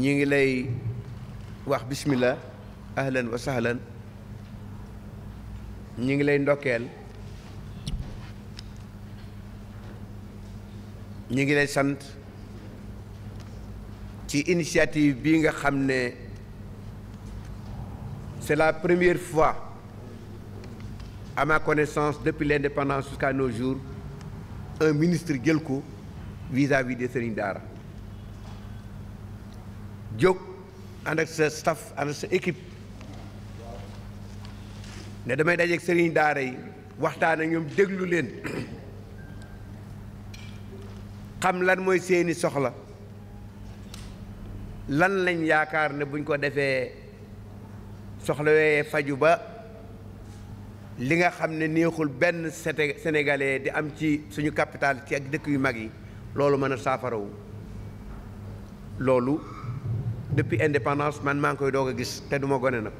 ñi ngi lay wax bismillah ahlan wa sahlan ñi ngi lay ndokkeel ñi ngi lay sant ci initiative bii nga xam ne c'est la première fois à ma connaissance depuis l'indépendance jusqu'à nos jours un ministre jël ko vis-à-vis des sëriñ daara jóg ànd ak sa staff ànd ak sa équipe ne damay dajeeg sëriñ daara yi waxtaan ak ñoom déglu leen xam lan mooy seeni soxla lan lañ yaakaar ne buñ ko defee soxla yooyee faju ba li nga xam ne neexul benn sénégalais di am ci suñu capital ci ak dëkk yu mag yi loolu mën a saafarawu loolu depuis indépendance man maa ngi koy doog a gis te duma ma gone nag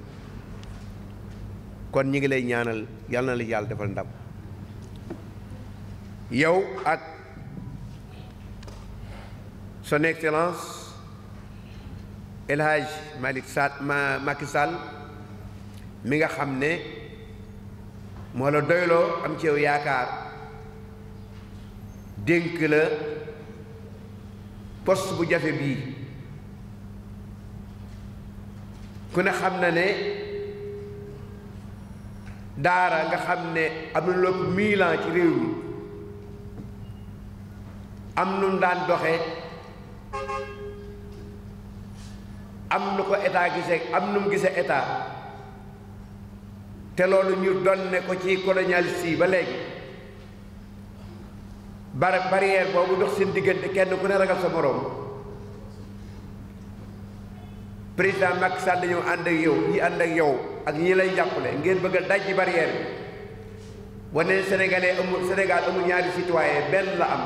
kon ñi ngi lay ñaanal yal na la yàlla defal ndam yow ak son excellence El Hadj Malick Sall ma Macky Sall mi nga xam ne moo la doyloo am ci yaakaar dénk la poste bu jafe bii ku ne xam na ne daara nga xam ne am na lopp mille ci réew mi am nu daan doxe am nu ko état gisee am nu mu gisee état te loolu ñu donne ko ci colonialiste sii ba léegi bar barrière boobu dox seen diggante kenn ku ne ragal sa moroom président Macky Sall dañoo ànd ak yow ñi ànd ak yow ak ñi lay jàppale ngeen bëgg a dajji barrière bi wane sénégalais amul Sénégal amul ñaari citoyen benn la am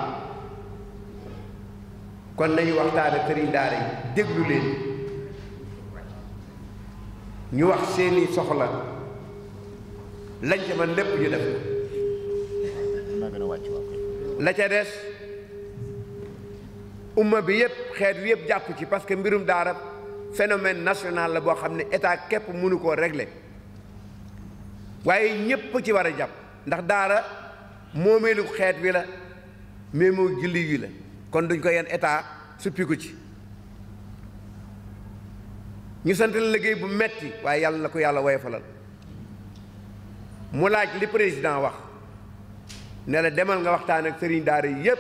kon nañu waxtaan ak sëriñ daara yi déglu leen ñu wax seeni soxla lañ ca man lépp ñu def la ca des umma bi yëpp xeet wi yëpp jàpp ci parce que mbirum daara phénomène national la boo xam ne état képp mënu koo régler waaye ñépp ci war a jàpp ndax daara moomeelu xeet wi la mais moo julli wi la kon duñ ko yenn état suppi ko ci ñu sant la liggéey bu metti waaye yàlla na ko yàlla woyofalal mu laaj li président wax ne la demal nga waxtaan ak sëriñ daara yépp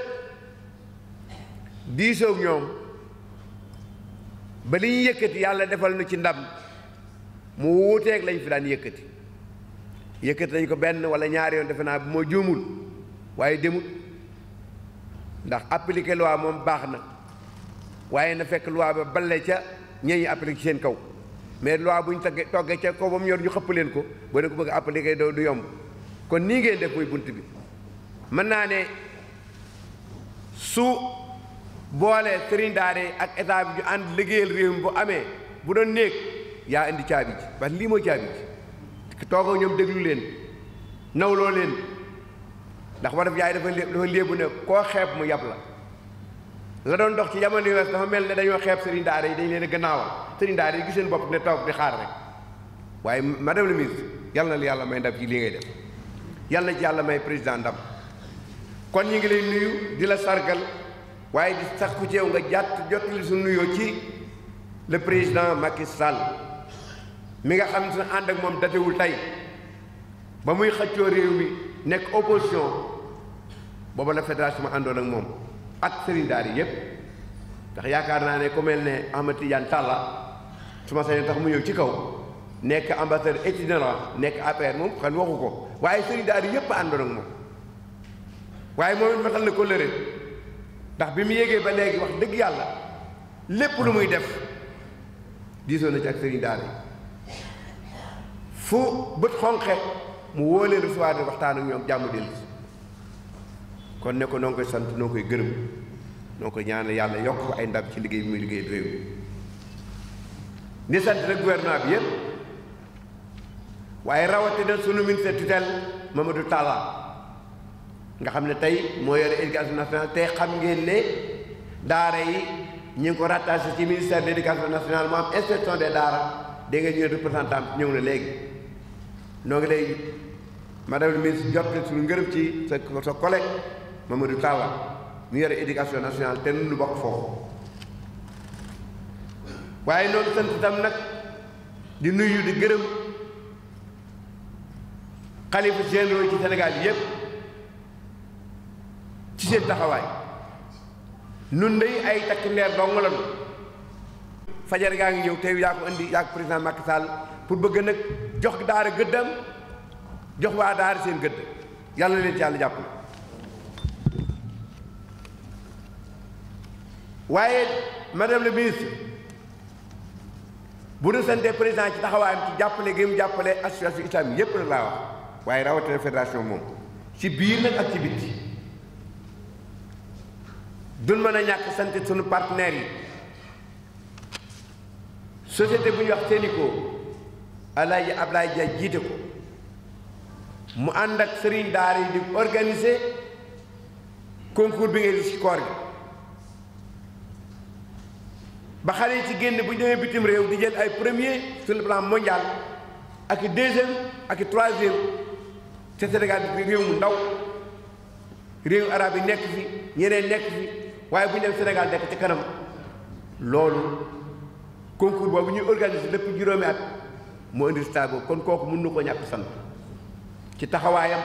diisoog ñoom ba li ñu yàlla defal nu ci ndam mu wuuteeg lañ fi daan yëkkati yëkkati nañ ko benn wala ñaari yoon defe naa bu moo juumul waaye demut ndax appliquer loi moom baax na waaye na fekk loi ba balle ca ñeñu appliquer seen kaw mais loi bu ñu togge toggee ca kaw ba mu yor ñu xëpp leen ko boo ne ko bëgg appliquer doo du yomb kon nii ngeen def muy bunt bi mën naa ne su boole sëriñ daara ak état bi ñu ànd liggéeyal réew mi bu amee bu doon néeg yaa indi caabi ji parce que lii mooy caabi ji toogoo ñoom déglu leen nawloo leen ndax war def yaay dafa dafa léebu ne koo xeeb mu yab la la doon ndox ci jamono yu dafa mel ne dañoo xeeb sëriñ daara yi dañ leen a gannaawal sëriñ daara yi gis seen bopp ne toog di xaar rek waaye madame la ministre yal na la yàlla may ndam ci lii ngay def yal na ci yàlla may président ndam kon ñu ngi lay di la sargal waaye di sakku ci yow nga jàtt jottali su nuyoo ci le président Macky Sall mi nga xam ne suñu ànd ak moom datewul tey ba muy xëccoo réew mi nekk opposition booba la fédération ma àndoon ak moom ak sëriñ daara yépp ndax yaakaar naa ne ku mel ne Ahmed Tidiane Talla su ma sañoon tax mu ñëw ci kaw nekk ambassadeur itinérant nekk APR moom xel waxu ko waaye sëriñ daara yépp àndoon ak moom waaye moom it matal ko lëre ndax bi mu yégee ba léegi wax dëgg yàlla lépp lu muy def diisoo na ci ak sëriñ daara yi fu bët xonqe mu woo leen recevoir di waxtaan ak ñoom jàmm dellu kon ne ko noo koy sant noo koy gërëm noo koy ñaanal yàlla yokk ko ay ndam ci liggéey bi muy liggéey réew ni sant nag gouvernement bi yëpp waaye rawatina sunu ministre tutelle Mamadou Talla nga xam ne tey moo yore éducation nationale te xam ngeen ne daara yi ñu ngi ko rattaché ci ministère de l' éducation nationale mu am inspection des daara da nga ñëw représentant ñëw na léegi noo ngi lay madame le ministre jotte suñu ngërëm ci sa sa collègue Mamadou Tawa mu yore éducation nationale te nu bokk foofu waaye noonu sant itam nag di nuyu di gërëm xalifa généraux ci Sénégal yëpp ci seen taxawaay nun day ay takk ndeer dong la fajar gaa ngi ñëw tey yaa ko indi yaa ko président Macky Sall pour bëgg nag jox daara gëddam jox waa daara seen gëdd yàlla leen ci yàlla jàpp na waaye madame le ministre bu nu sante président ci taxawaayam ci jàppale gi mu jàppale association islamique yépp la laa waaye rawatina fédération moom ci biir nag ak ci bitti duñ mën a ñàkk sant sunu partenaires yi société bu ñuy wax Sénico Alaaji Ablaye Dia jiite ko mu ànd ak sëriñ daara yi di organiser concours bi ngay gis ci koor gi ba xale yi ci génn bu ñu demee bitim réew di jël ay premier sur le plan mondial ak i deuxième ak i troisième te Sénégal bi réew mu ndaw réew arabe yi nekk fi ñeneen nekk fi waaye bu ñu dem Sénégal nekk ci kanam loolu concours boobu ñu organiser depuis juróomi at moo indi kon kooku mën na ko ñàkk sant ci taxawaayam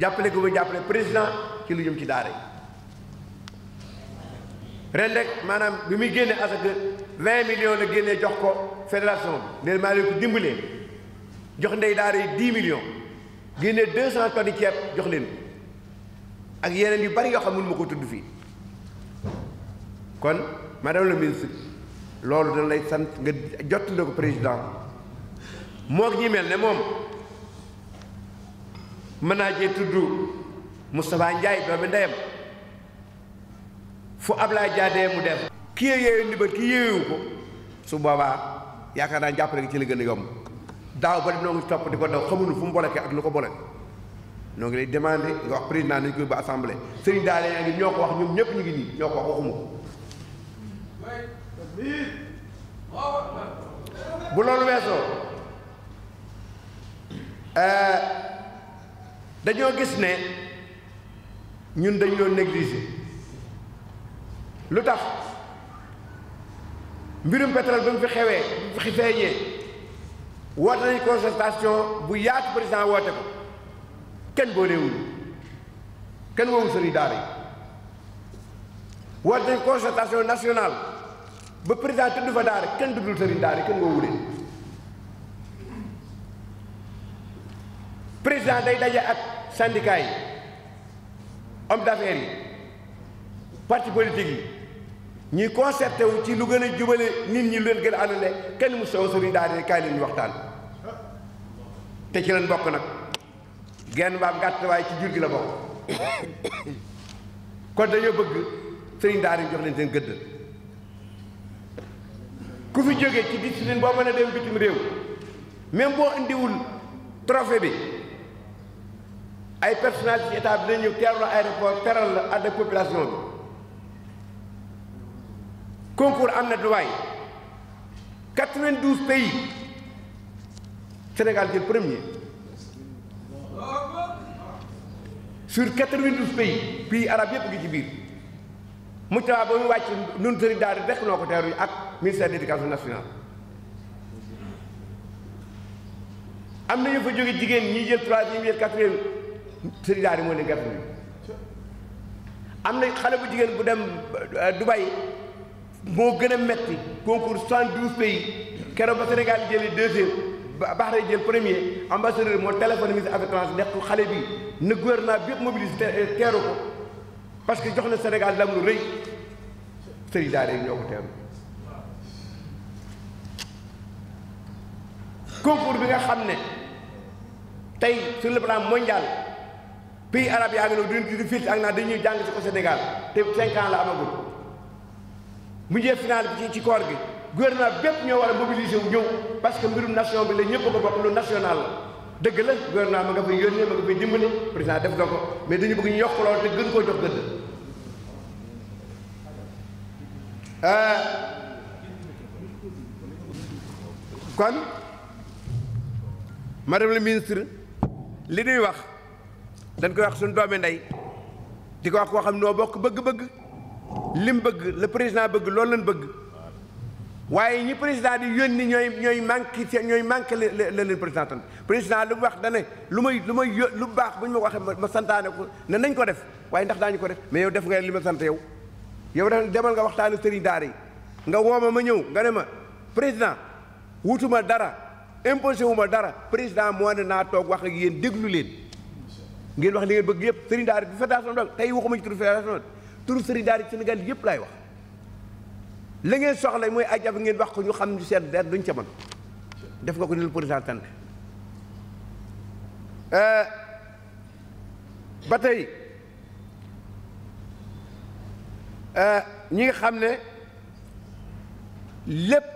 jàppale gu jàppale président ci lu ci daara yi ren maanaam bi muy génne asaka vingt millions la génnee jox ko fédération bi neen maa leen ko jox ndey daara yi dix millions génnee deux cent di ceeb jox leen ak yeneen yu bari yoo xam ne mënu ma ko tudd fii kon madame la ministre loolu dana lay sant nga jot na ko président moo ñi mel ne moom mën naa jee tudd Moustapha Ndiaye doomi ndeyam fu Ablaye Diadé mu dem ki yeeyu ndimbal ki yeewu ko su boobaa yaakaar naa jàppale ci la gën a yomb daaw ba noo ngi topp di ko daw xamuñu fu mu ak lu ko boleke noo ngi lay demandé nga wax président nañ ko ba assemblée sëriñ daal yaa ngi ñoo ko wax ñoom ñëpp ñu ngi nii ñoo ko wax waxuma bu loolu weesoo eh, dañoo gis ne ñun dañu doon négliger lu tax mbirum pétrole ba mu fi xewee bu fi feeñee woote nañ concertation bu yaatu président woote ko kenn boolewul kenn woowul sëriñ daara yi woote nañ concertation nationale ba président tudd fa daara kenn duddul sëriñ daara kenn woowu leen président day daje ak syndicat yi homme d'affaires yi parti politique yi ñuy wu ci lu gën a jubale nit ñi leen gën a àndale kenn mu sow sëriñ daara ne leen ñu waxtaan te ci leen bokk nag genn mbaam gàtt waaye ci jur gi la bokk kon dañoo bëgg sëriñ daara yi jox leen seen gëdd ku fi jóge ci discipline boo mën a dem bitim réew même boo indiwul trophée bi ay personnalité ci état bi dina ñëw teeru la aéroport teral la ànd ak population bi concours am na duwaay 92 jël premier sur 92 pays pays arabes yëpp ngi ci biir mu tawaa ba mu wàcc nun sëriñ daal rekk noo ko teeru ak ministère de l'éducation nationale am na ñu fa jóge jigéen ñi jël troisième jël quatrième sëriñ daara moo leen gàtt am na xale bu jigéen bu dem euh, Dubai moo gën a metti concours soixante douze pays keroog ba Sénégal jëlee deuxième Bahreïn jël premier ambassadeur moo téléphone ministre affaires étrangères nekk xale bi na gouvernement bi yëpp mobilise teeru ko parce que jox na Sénégal lam lu rëy ñoo ko teeru concours bi nga xam ne tey sur le plan mondial pays arabe yaa ngi ne du di ak naa dañuy jàng si ko Sénégal te cinq la amagul mu njëe final bi ci ci koor gi gouvernement bépp ñoo war a mobiliser wu ñëw parce que mbirum nation bi la ñëpp ko bokk lu national dëgg la gouvernement ma nga fay yónnee ma nga fay dimbali président def na ko mais dañu bëgg ñu yokk lool te gën koo jox gëdd euh, kon madame la ministre li ñuy wax dañ koy wax suñu doomi ndey di ko wax koo xam noo bokk bëgg-bëgg lim bëgg la président bëgg loolu lañ bëgg waaye ñi président di ni ñooy ñooy manqué ñooy manqué la leen président tan président lu wax dane lu may lu may lu baax bu ñu ma ko waxee ma santaane ko ne nañ ko def waaye ndax daañu ko def mais yow def nga li ma sant yow yow demal nga waxtaanu sëriñ daara yi nga wooma ma ñëw nga ne ma président wutuma dara imposé wu dara président moo ne naa toog wax ak yéen déglu leen ngeen wax li ngeen bëgg yëpp sëriñ daara bi fédération daal tey waxuma ci turu fédération turu sëriñ daara Sénégal yëpp laay wax la ngeen soxla mooy ay jafe ngeen wax ko ñu xam ñu seen veer duñ ca mën def nga ko ni lu président euh, ba tey euh, ñi nga xam ne lépp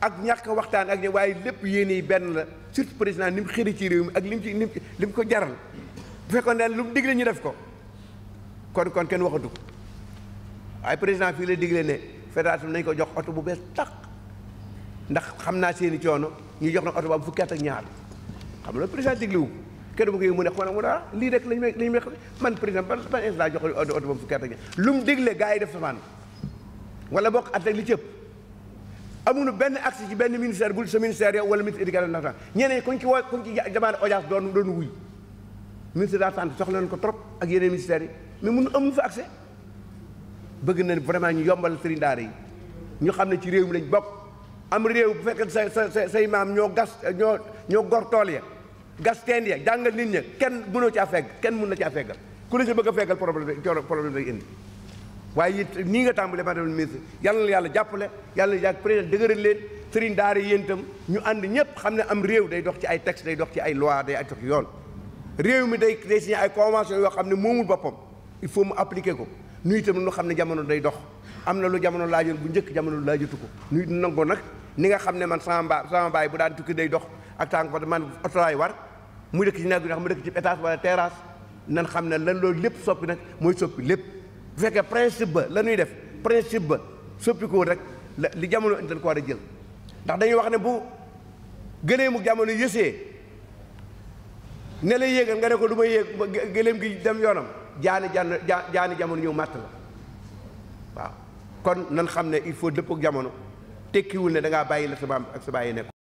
ak ñàkk waxtaan ak ñoom waaye lépp yéene yi benn la surtout président ni mu ci réew mi ak lim ci lim lim ko jaral bu fekkoon daal lu mu digle ñu def ko kon kon kenn waxatu ko waaye président fii la digle ne fédération nañ ko jox oto bu bees tàq ndax xam naa seen i coono ñu jox na oto am fukki at ak xam nga président digle wu kenn bu ko mu ne xoolal mu ne ah lii rek lañ may lañ may man président ban ban instant jox oto ba am fukki lu mu digle gaa yi def samaan wala bokk at ak li cëpp amuñu benn accès ci benn ministère bul sa ministère yow wala ministre éducation nationale ñeneen kuñ ci woo kuñ ci demandé audience doon doon wuy ministre de la santé soxla nañ ko trop ak yeneen ministères yi mais mënu amuñu fa accès bëgg na vraiment ñu yombal sëriñ daara yi ñu xam ne ci réew mi lañ bokk am réew bu fekkee sa sa say maam ñoo gas ñoo ñoo gor tool ya gas teen ya jàngal nit ña kenn mënoo caa fegg kenn mun na caa feggal ku la ci bëgg a feggal problème indi waaye it nii nga tàmbalee madame le ministre yàlla na yàlla jàppale yàlla na yàgg président dëgëral leen sëriñ daara yéen itam ñu ànd ñëpp xam ne am réew day dox ci ay texte day dox ci ay loi day dox yoon réew mi day day signé ay convention yoo xam ne moomul boppam il faut mu appliquer ko nu itam lu xam ne jamono day dox am na lu jamono laajoon bu njëkk jamono laajatu ko nu nangoo nag ni nga xam ne man sama mbaa sama baay bu daan tukki day dox ak tànk fa man oto laay war mu dëkk ci nag mu dëkk ci étage wala terrasse nan xam ne lan loolu lépp soppi nag mooy soppi lépp bu fekkee principe ba la ñuy def principe ba soppikoo rek li jamono indi dañ ko war a jël ndax dañuy wax ne bu gëleemu jamono yësee ne la yéegal nga ne ko du ma yéeg gëleem gi dem yoonam jaani jaani jaani jamono ñëw màtt la waaw kon nan xam ne il faut dëpp ak jamono tekkiwul ne da ngaa bàyyi la sa maam ak sa bàyyi nekk